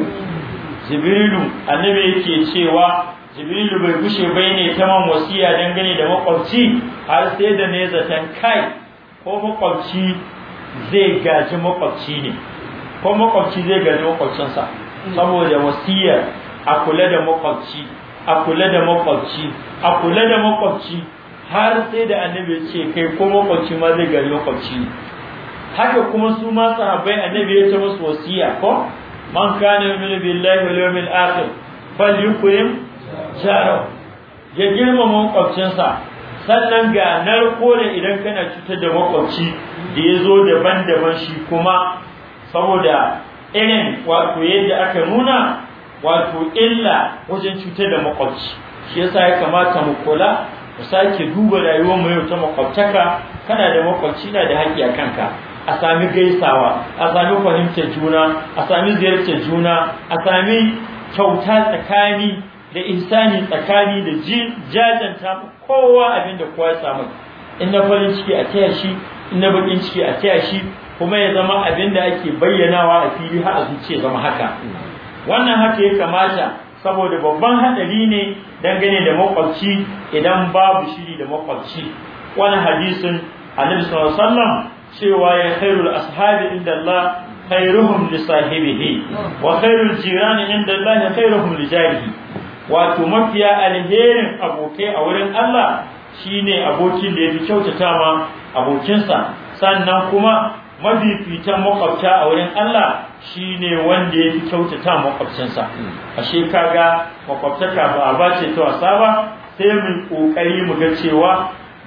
jibrilu annabi yake cewa jibrilu bai gushe bai ne ta man wasiya dangane da makwabci har sai da ne zaton kai ko makwabci zai gaji makwabci ne ko makwabci zai gani makwabcinsa saboda wasiyar a kula da makwabci a kula da makwabci a kula da makwabci har sai da annabi ce kai ko makwabci ma zai gani makwabci haka kuma su ma sahabbai annabi ya ce musu wasiya ko man kana yu'minu billahi wal yawmil akhir falyukrim jaro ya girma makwabcinsa sannan ga narko ne idan kana cutar da makwabci da ya zo daban-daban shi kuma saboda irin wato yadda aka nuna wato illa wajen cutar da makwabci shi yasa ya kamata mu kula mu sake duba rayuwar mu yau ta makwabtaka kana da makwabci na da haƙƙi a kanka a sami gaisawa a sami fahimtar juna a sami ziyartar juna a sami kyauta tsakani da insani tsakani da jajanta kowa abin da kowa ya samu in na farin ciki a taya shi in na bakin ciki a taya shi kuma ya zama abin da ake bayyanawa a fili har su ce zama haka wannan haka ya kamata saboda babban hadari ne dangane da makwabci idan babu shiri da makwabci wani hadisin annabi sallallahu alaihi wasallam cewa ya khairul ashabi inda Allah khairuhum li sahibihi wa khairul jirani inda Allah khairuhum li jarihi wato mafiya alherin abokai a wurin Allah shine abokin da yafi kyautata ma abokinsa sannan kuma Mafi fitan makwabta a wurin Allah shi ne wanda ya fi kyautata makwabcinsa hmm. a shekaga makwabtaka ba a bace ta wasa ba sai mu kokari mu ga cewa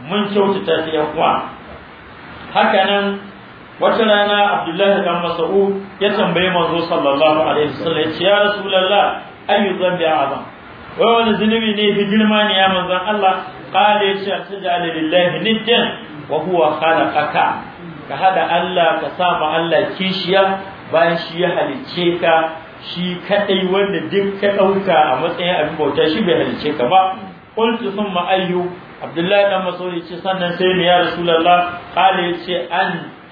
mun kyautata ta yan uwa haka nan wata rana Abdullahi dan Mas'ud ya tambaye manzo sallallahu alaihi wasallam ya ce ya rasulullah ayu dhanbi azam wai wani zunubi ne fi girma ne ya manzon Allah qala ya ce taj'al lillahi niddan wa huwa khalaqaka ka hada Allah ka sa ma Allah kishiya bayan shi ya halicce ka shi kadai wanda duk ka dauka a matsayin abin bauta shi bai halicce ka ba qultu thumma ayyu Abdullahi dan Mas'ud yace sannan sai ne ya Rasulullah qala yace an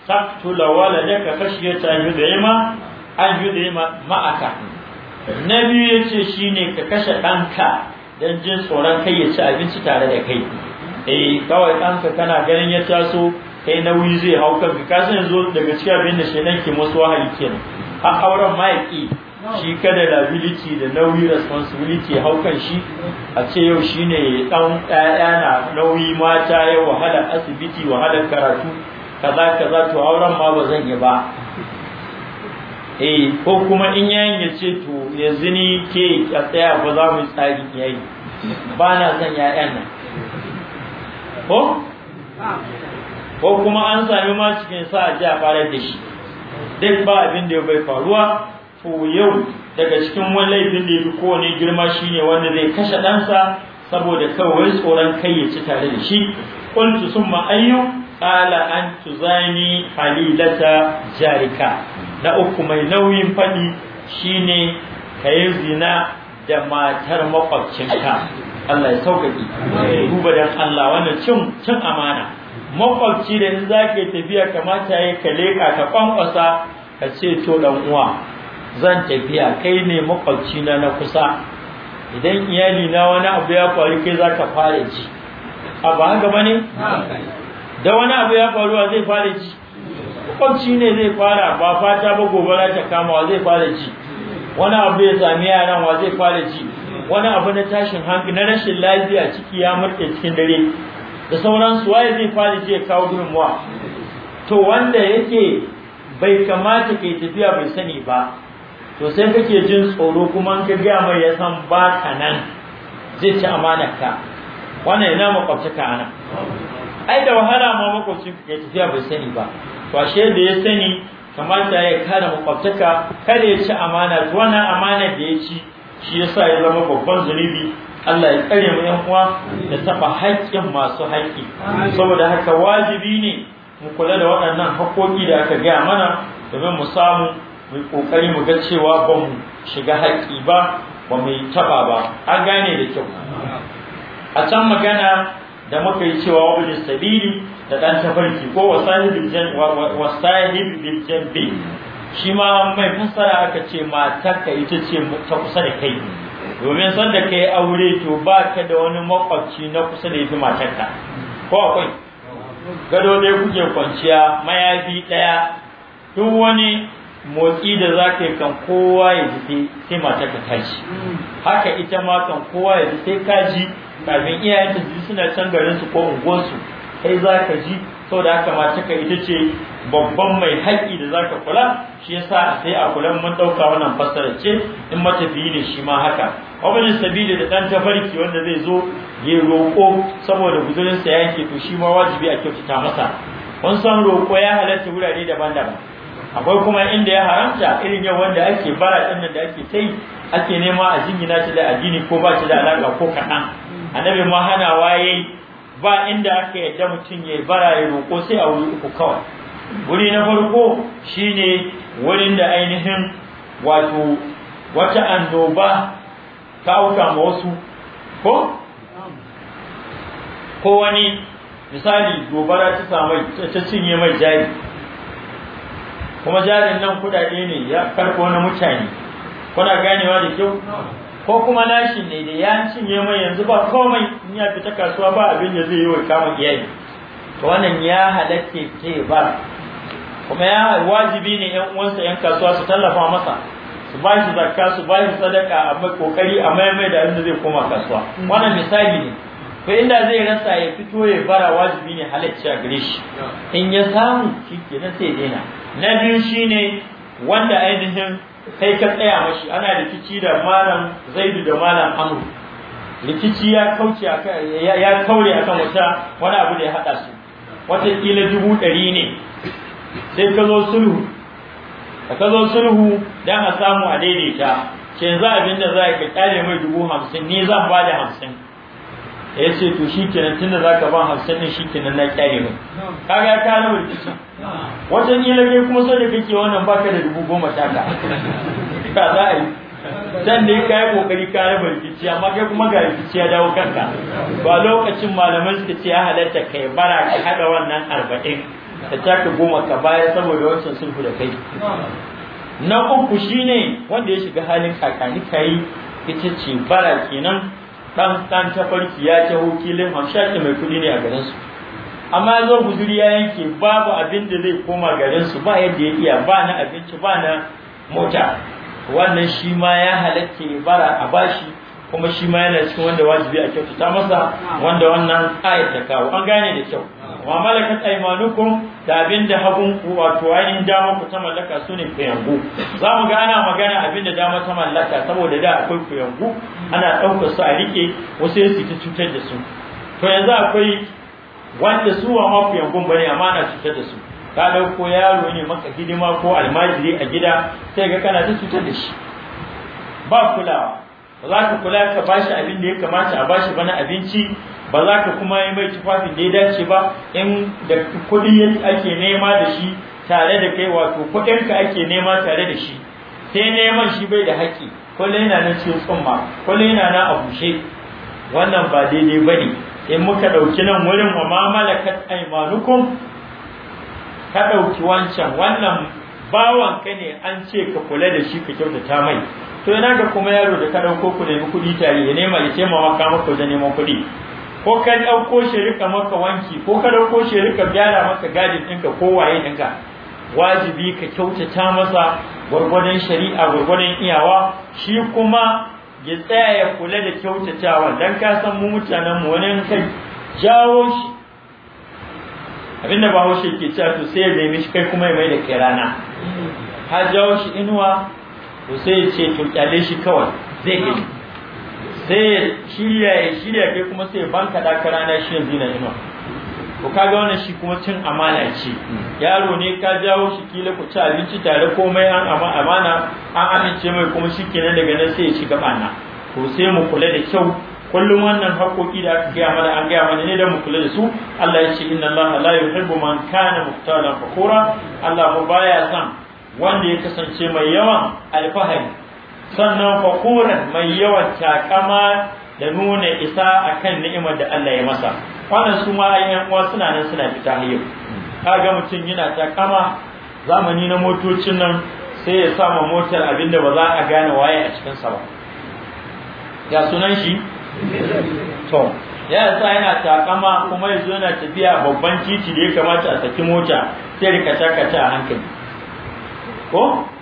taqtula waladaka khashyata an yud'ima an yud'ima ma'aka nabi yace shine ka kashe danka dan jin tsoron kai ya ci abinci tare da kai eh kawai danka kana ganin ya taso kai nauyi zai hau kanka ka san yanzu daga cikin abin da shedan ke musu wahayi kenan har auren ma shi kada liability da nauyi responsibility hau kan shi a ce yau shi shine ɗan ɗaya na nauyi mata ya wahala asibiti wahala karatu kaza kaza to auren ma ba zan yi ba eh ko kuma in yayin ya ce to yanzu ni ke a tsaya ba za mu tsari yayi ba na son ya'yan nan ko ah. ko kuma an sami ma cikin sa a ji a farar da shi duk ba abin da bai faruwa to yau daga cikin wani laifin da ya fi kowane girma shine wanda zai kashe ɗansa saboda kawai tsoron kai ya ci tare da shi kuntu sun ma'ayyu ƙala an tuzani halilata jarika na uku mai nauyin faɗi shine ka yi zina da matar maƙwabcinka. Allah ya sauƙaƙi duba dan Allah wannan cin amana makwabci da in za ka tafiya kamata ya kale ka ka kwankwasa ka ce to dan uwa zan tafiya kai ne makwabci na na kusa idan iyali na wani abu ya faru kai za ka fara ji a ba haka ne? da wani abu ya faruwa zai fara ji makwabci ne zai fara ba fata ba gobara ta kama wa zai fara ji wani abu ya sami yaran wa zai fara ji wani abu na tashin hankali na rashin lafiya ciki ya murke cikin dare da sauransu waye zai fara je kawo gudunmuwa to wanda yake bai kamata kai tafiya bai sani ba to sai kake jin tsoro kuma an ka gaya mai ya san ba ka nan zai ci ka. wannan yana ka ana ai da wahala ma makwabcin kai tafiya bai sani ba to ashe da ya sani kamata ya kare makwabtaka kada ya ci amana to wannan amana da ya ci shi yasa ya zama babban zunubi Allah ya kare mu yan uwa da taba haƙƙin masu haƙƙi saboda haka wajibi ne mu kula da waɗannan haƙoƙi da aka gaya mana domin mu samu mu kokari mu ga cewa ba mu shiga haƙƙi ba ba mu taba ba an gane da kyau a can magana da muka yi cewa wajen sabili da ɗan tafarki ko wasahib bil jambi shi ma mai fassara aka ce mata ka ita ce ta kusa da kai domin sanda ka yi aure to ba ka da wani makwabci na kusa da yafi matarka ko akwai gado ne kuke kwanciya mayafi ɗaya duk wani motsi da za ka yi kan kowa ya ji sai matarka ta ji haka ita ma kan kowa ya ji sai ka ji kafin iyayenta ji suna can garin su ko unguwarsu kai za ka ji sau da haka matarka ita ce babban mai haƙƙi da za ka kula shi yasa sai a kula mun ɗauka wannan fassara ce in matafiyi ne shi ma haka wabin sabili da ɗan tafarki wanda zai zo ya roƙo saboda guzurin sa yake to shi ma wajibi a kyautata masa wani san roƙo ya halatta wurare daban-daban akwai kuma inda ya haramta irin yau wanda ake bara din nan da ake tai ake nema a jingina shi da addini ko ba shi da alaƙa ko kaɗan annabi ma hanawa waye ba inda aka yadda mutum ya bara ya roƙo sai a wuri uku kawai wuri na farko shine wurin da ainihin wato wata annoba ka ma wasu ko ko wani misali gobara ta samai ta cinye mai jari kuma jarin nan kudade ne ya karko na mutane kuna ganewa da kyau ko kuma nashi ne da ya cinye mai yanzu ba komai in ya fita kasuwa ba abin da zai yi wa kama iyali to wannan ya halatta ke ba kuma ya wajibi ne yan uwansa yan kasuwa su tallafa masa su ba shi zakka su ba shi sadaka a mai kokari a mai mai da inda zai koma kasuwa mm. wannan misali ne ko inda zai rasa ya fito ya bara wajibi ne halacci a gare shi in ya samu shi na sai dena na biyu shine wanda ainihin kai ka tsaya mashi ana rikici da malam zaidu da malam amur. rikici ya kauce ya kaure akan wata wani abu da ya haɗa su watakila dubu ɗari ne sai ka zo sulhu da ka zo sulhu dan a samu a daidaita ce yanzu abin da za ka kyale mai dubu hamsin ni zan ba da hamsin ya ce to shi kenan tunda za ka ban hamsin ne shi kenan na kyale mai kaga ka na rikici wajen ni lage kuma sai da kake wannan baka da dubu goma sha ka ka za a yi dan da ka yi kokari ka raba rikici amma kai kuma ga rikici ya dawo kanka ba lokacin malamai suka ce ya halatta kai bara ka hada wannan arba'in ka taka goma ka baya saboda wancan sulhu da kai na uku shine wanda ya shiga halin kakani kai ita ce bara kenan dan dan tafarki ya ce hukilin hamshaki mai kudi ne a garinsu. su amma zo guduri ya yanke babu abin da zai koma garinsu su ba yadda ya iya ba na abinci ba na mota wannan shi ma ya halatta bara a bashi kuma shi ma yana cikin wanda wajibi a kyautata masa wanda wannan ayat ta kawo an gane da kyau wa malakat aymanukum da abinda hagun ku wato ayin dama ku ta mallaka sune kuyangu za mu ga ana magana abinda dama ta mallaka saboda da akwai kuyangu ana ɗaukar su a rike wasu su ta cutar da su to yanzu akwai wanda su wa ma kuyangun bane amma ana cutar da su ka ɗauko yaro ne maka hidima ko almajiri a gida sai ga kana ta cutar da shi ba kulawa za ka kula ka bashi abin da ya kamata a bashi bana abinci ba za ka kuma yi mai tufafin da ya dace ba in da kuɗi ake nema da shi tare da kai wato kuɗinka ake nema tare da shi sai neman shi bai da haƙƙi kullum yana na cikin tsumma kullum yana na abushe. wannan ba daidai ba ne in muka ɗauki nan wurin wa ma ka aimanukum ka ɗauki wancan wannan bawan ka ne an ce ka kula da shi ka kyautata mai to yana ga kuma yaro da ka ɗauko ku nemi kuɗi tare ya nema ya taimaka maka wajen neman kuɗi ko ka ɗauko shi rika maka wanki ko ka ɗauko shi rika gyara maka gadin ɗinka ko waye ɗinka wajibi ka kyautata masa gwargwadon shari'a gwargwadon iyawa shi kuma ya tsaya ya kula da kyautatawa dan ka san mu mutanen mu wani kai jawo shi abinda ba haushe ke cewa to sai ya nemi shi kai kuma ya mai da kai rana Ha jawo shi inuwa to sai ya ce to kyale shi kawai zai gani sai shirya ya shirya kai kuma sai ban ka ka rana shi yanzu na ino to kaga wannan shi kuma cin amana ce yaro ne ka jawo shi kila ku ci abinci tare komai an amana an amince mai kuma shi kenan daga nan sai ya shiga bana to sai mu kula da kyau kullum wannan haƙoƙi da aka gaya mana an gaya mana ne da mu kula da su Allah ya ce inna Allah la yuhibbu man kana muftalan fakura Allah ba baya san wanda ya kasance mai yawan alfahari sannan fakuran mai yawan takama da nuna isa akan ni'imar da Allah ya masa wannan su ma ayyan uwa suna nan suna fita hayo kaga mutum yana takama zamani na motocin nan sai ya sama motar abinda ba za a gane waye a cikin sa ba ya sunan shi to ya sa yana takama kuma yanzu yana tafiya babban titi da ya kamata a saki mota sai rika takata a hankali ko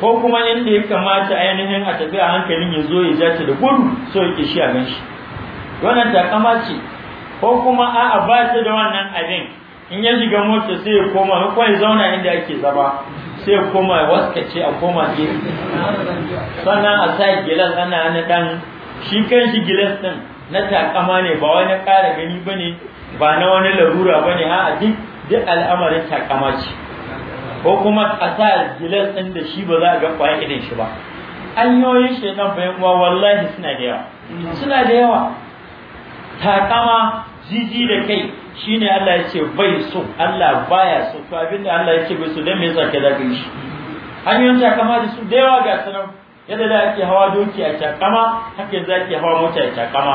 ko kuma inda ya kamata ainihin a tafi a hankalin ya zo ya ja ta da gudu so ya kishi a ganshi wannan takama ce ko kuma a'a ba ta da wannan abin in ya shiga mota sai ya koma ko ya zauna inda ake zaba, sai ya koma ya waskace a koma ke sannan a sa gilas ana na dan shi kan shi gilas din na takama ne ba wani ƙara gani ba ne, ba na wani larura ba ne. a'a duk duk al'amarin takama ce ko kuma a sa gilas ɗin da shi ba za a ga ƙwaya idan shi ba an yoyin shi nan bayan wallahi suna da yawa suna da yawa takama jiji da kai shine Allah ya ce bai so Allah baya so to abin da Allah ya ce bai so dan me yasa ka da gani shi hanyoyin takama da su da yawa ga sanan yadda da ake hawa doki a takama haka yanzu ake hawa mota a takama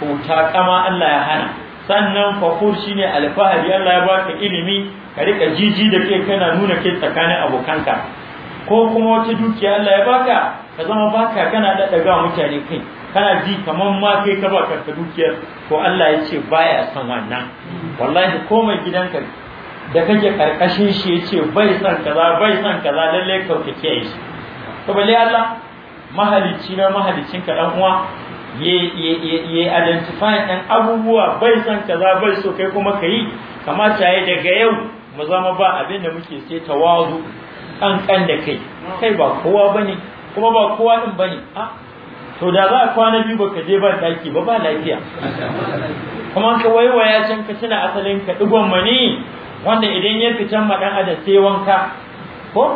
ko takama Allah ya hana sannan fakur shine alfahari Allah ya baka ilimi ka rika jiji da kai kana nuna kai tsakanin abokanka ko kuma wata dukiya Allah ya baka ka zama baka kana ga mutane kai kana ji kamar ma kai ka baka ka dukiyar ko Allah ya ce baya san wannan wallahi ko mai gidanka da kake karkashin shi ya ce bai son kaza bai san kaza lalle ka kike shi to balle Allah mahalicci na mahalicin ka dan uwa ya identify ɗan abubuwa bai san kaza bai so kai kuma ka yi kamata ya daga yau mu zama ba abin da muke sai ɗan kankan da kai kai ba kowa ba ne, kuma ba kowa ɗin ba ne. a ah, to da za a kwana biyu ka je ba ɗaki ba ba lafiya kuma ka waiwaya can ka tuna asalin ka ma ne, wanda idan ya fi ma maɗan adam sai wanka ko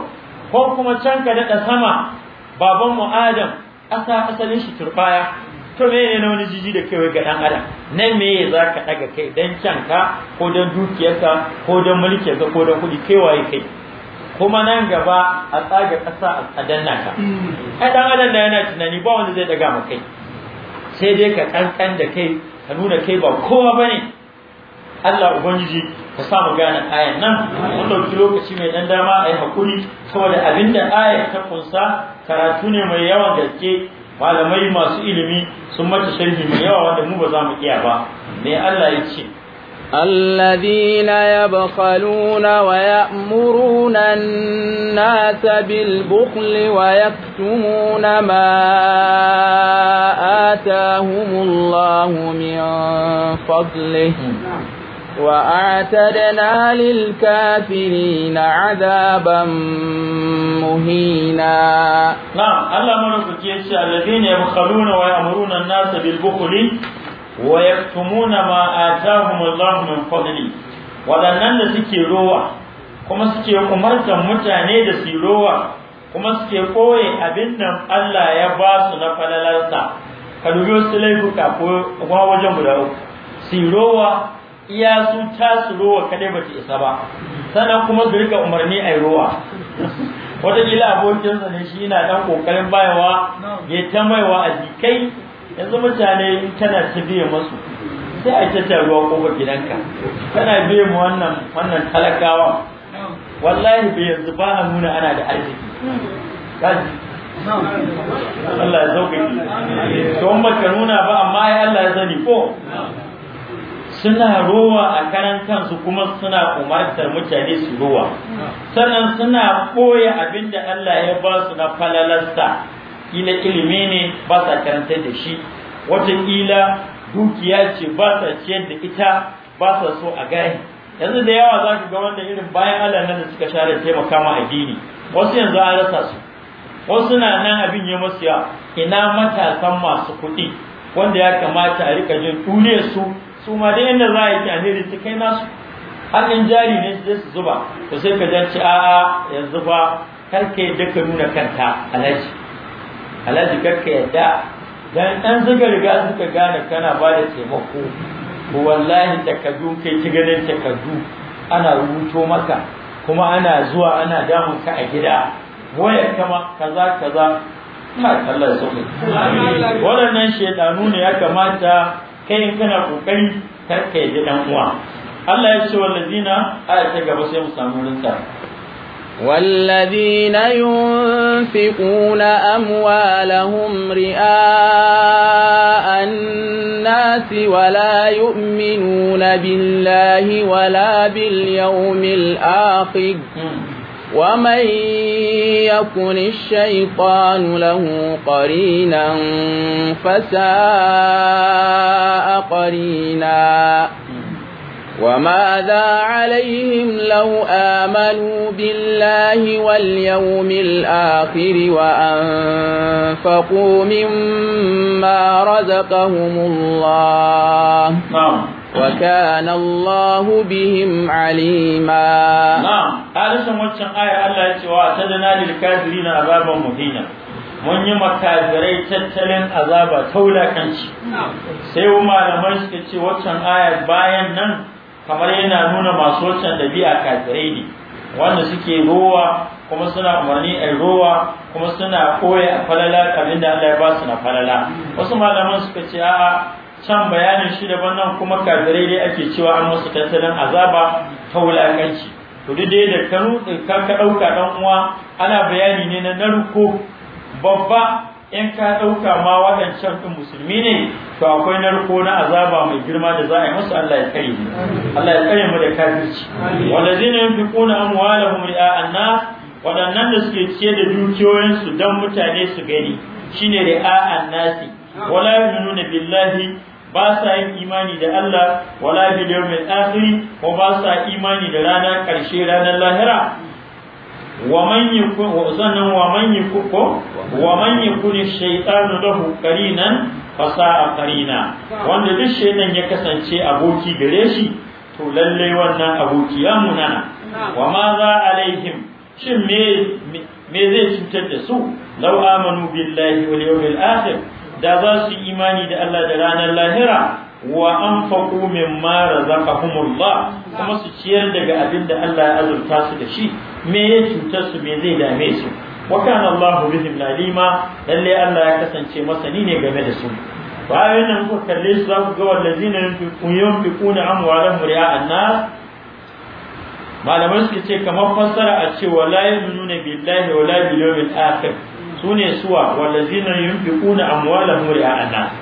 kuma can ka daɗa sama baban mu adam asa asalin shi turbaya to me ne na wani jiji da kai ga dan adam nan me za ka daga kai dan ka ko dan dukiyarka ko dan ka ko dan kudi kai waye kai kuma nan gaba a tsaga ƙasa a danna ka mm. ai dan adam da yana tunani ba wanda zai daga maka kai sai dai ka kankan da kai ka nuna kai ba kowa bane Allah ubangiji ka sa mu gane ayan nan mun dauki lokaci mai dan dama ayi hakuri saboda abinda ayar ta kunsa karatu ne mai yawan gaske malamai masu ilimi sun mace sharhi mai yawa wanda mu ba za mu iya ba me Allah ya ce الذين يبخلون ويأمرون الناس بالبخل ويكتمون ما آتاهم الله من فضله وأعتدنا للكافرين عذابا مهينا نعم الله ملك يشاء الذين يبخلون ويأمرون الناس بالبخل ويكتمون ما آتاهم الله من فضله waɗannan da suke rowa kuma suke kumartan mutane da su rowa kuma suke koye abin nan Allah ya ba su na falalarsa ka dubi wasu laifuka kuma wajen su rowa iya su su rowa kadai ba ta isa ba sannan kuma su rika umarni a yi rowa Wataƙila abokinsa ne shi na dan kokarin bayawa ya ta maiwa a jikai yanzu mutane in tana ta biya masu sai a ta ruwa ba gidanka Tana biya mu wannan wannan talakawa wallahi bai yanzu ba a nuna ana da arziki Allah ya sauƙaƙi to in baka nuna ba amma ya Allah ya zani ko suna rowa a karan kansu kuma suna umartar mutane su rowa sannan suna koya abin da Allah ya ba su na falalasta ila ilimi ne ba sa karantar da shi wataƙila dukiya ce ba sa ciyar da ita ba sa so a gane yanzu da yawa za ka ga wanda irin bayan Allah nan da suka share taimaka ma addini wasu yanzu an rasa su wasu na nan abin ya ya ina matasan masu kuɗi wanda ya kamata a rika jin duniyar su su ma dai inda za a yi alheri ta kai nasu hannun jari ne su su zuba to sai ka ja a'a yanzu fa kar ka yadda ka nuna kanta alhaji alhaji kar ka yadda dan dan zuga riga suka gane kana ba da taimako ko wallahi takardu kai ci ganin takardu ana rubuto maka kuma ana zuwa ana damun ka a gida waya kama kaza kaza ina kallon su waɗannan shedanu ne ya kamata kai kana kokari kar ka yi dan uwa Allah ya ce wallazina aya ta gaba sai mu samu rinsa والذين ينفقون أموالهم رئاء الناس ولا يؤمنون بالله ولا باليوم الآخر ومن يكن الشيطان له قرينا فساء قرينا وماذا عليهم لو آمنوا بالله واليوم الآخر وأنفقوا مما رزقهم الله نعم Wakanallahu وكان الله بهم عليما نعم هذا سموتشن آية الله يتوى na للكافرين أبابا مهينا mun yi makazirai tattalin azaba taulakanci sai malamai suka ce waccan ayar bayan nan kamar yana nuna masu waccan dabi'a kafirai ne wanda suke rowa kuma suna umarni a rowa kuma suna koya a falala abinda Allah ya basu su na falala wasu malaman suka ce a'a can bayanin shi daban nan kuma kafirai dai ake cewa an musu tattalin azaba ta wulakanci to duk dai da kanu ka ka dauka dan uwa ana bayani ne na narko babba in ka dauka ma wadancan din musulmi ne to akwai narko na azaba mai girma da za a yi musu Allah ya kare mu Allah ya kare mu da kafirci walazina yunfiquna amwalahum ri'a nas waɗannan da suke ciye da dukiyoyinsu dan mutane su gani shine ri'a an-nasi wala yu'minuna billahi ba sa yin imani da Allah wala bil yawmil akhir ko ba sa imani da ranar karshe ranar lahira wa man yakun wa sannan wa man yakun wa man yakun shaytanu lahu qarinan fa sa'a qarina wanda duk shaytan ya kasance aboki gare shi to lalle wannan abokiyan mu nana wa ma za alaihim shin me me zai cutar da su law amanu billahi wal yawmil akhir da za su imani da Allah da ranar lahira wa mara zaka razaqahumullah kuma su ciyar daga abin da Allah ya azurta su da shi me ya cutar su me zai dame su wa kana Allahu bihim lalima lalle Allah ya kasance masani ne game da su bayan nan kuka kalle su za ku ga wallazina yunfiquna amwalahum ri'a an-nas malaman suke ce kamar fassara a ce wala yu'minuna billahi wala bil yawmil akhir sune suwa wallazina yunfiquna amwalahum ri'a nas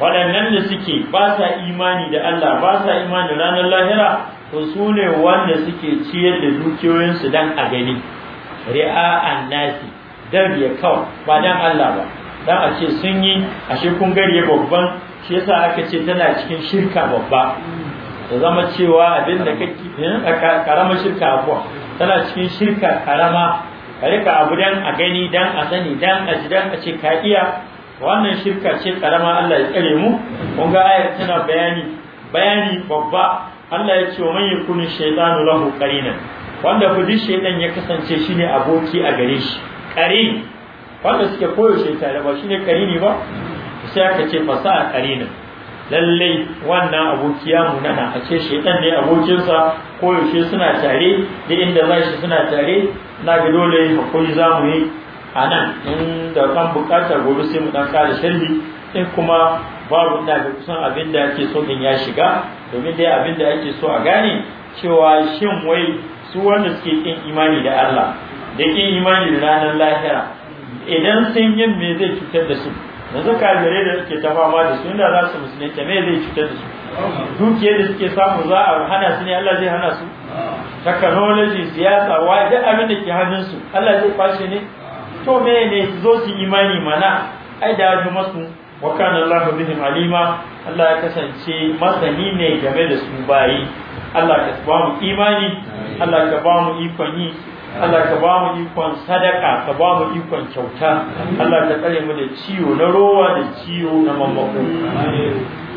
wadannan da suke ba sa imani da Allah ba sa imani ranar lahira to sune wanda suke ciyar da dukiyoyinsu dan a gani ri'a nasi dan ya kawo ba dan Allah ba dan a ce sun yi shi kun gari babban shi yasa aka ce tana cikin shirka babba da zama cewa abin da kake eh, karamar shirka abuwa tana cikin shirka karama ka rika abu dan a gani dan a sani dan a ji dan a ce ka iya wannan shirka ce karama Allah ya kare mu kun ga ayar tana bayani bayani babba Allah ya ce man yakunu shaytanu lahu qarina wanda kudi shaytan ya kasance shine aboki a gare shi kare wanda suke koyo shaytan ba shine ne ba sai ka ce fasaha qarina lallai wannan abokiya nana a ce shaytan ne abokinsa koyaushe suna tare da inda za shi suna tare na ga dole hakuri za mu yi a nan in da kan bukatar gobe sai mu dan kare sharbi in kuma babu ina da kusan abin da ake so in ya shiga domin dai abin da ake so a gane cewa shin wai su wanda suke kin imani da Allah da kin imani da ranar lahira idan sun yin me zai cutar da su yanzu kafirai da suke ta fama da su inda za su musulunta me zai cutar da su dukiyar da suke samu za a hana su ne Allah zai hana su technology siyasa wa da abin da ke hannun su Allah zai kwashe ne to me ne su zo su imani mana ai da ji masu wa kana Allah bihim alima Allah ya kasance masani ne game da su bayi Allah ka ba mu imani Allah ka ba mu ikon yi Allah ka ba mu ikon sadaka ka ba mu ikon kyauta Allah ka tsare mu da ciwo na rowa da ciwo na mamako